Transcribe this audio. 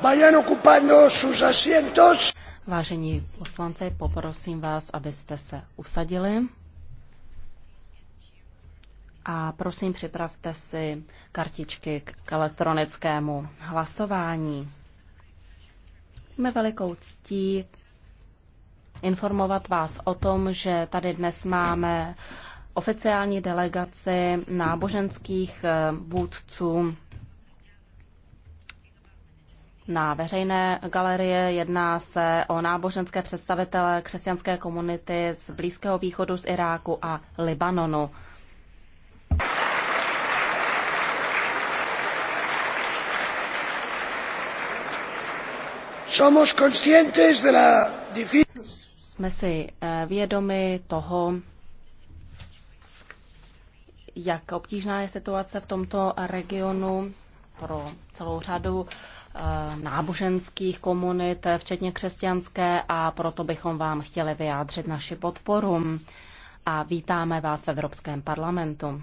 Vayan ocupando sus asientos. Vážení poslanci, poprosím vás, abyste se usadili. A prosím, připravte si kartičky k elektronickému hlasování. Máme velikou ctí informovat vás o tom, že tady dnes máme oficiální delegaci náboženských eh, vůdců na veřejné galerie, jedná se o náboženské představitele křesťanské komunity z Blízkého východu, z Iráku a Libanonu. Somos conscientes de la Jsme si eh, vědomi toho, jak obtížná je situace v tomto regionu pro celou řadu Eh, náboženských komunit, eh, včetně křesťanské, a proto bychom vám chtěli vyjádřit naši podporu. A vítáme vás v Evropském parlamentu.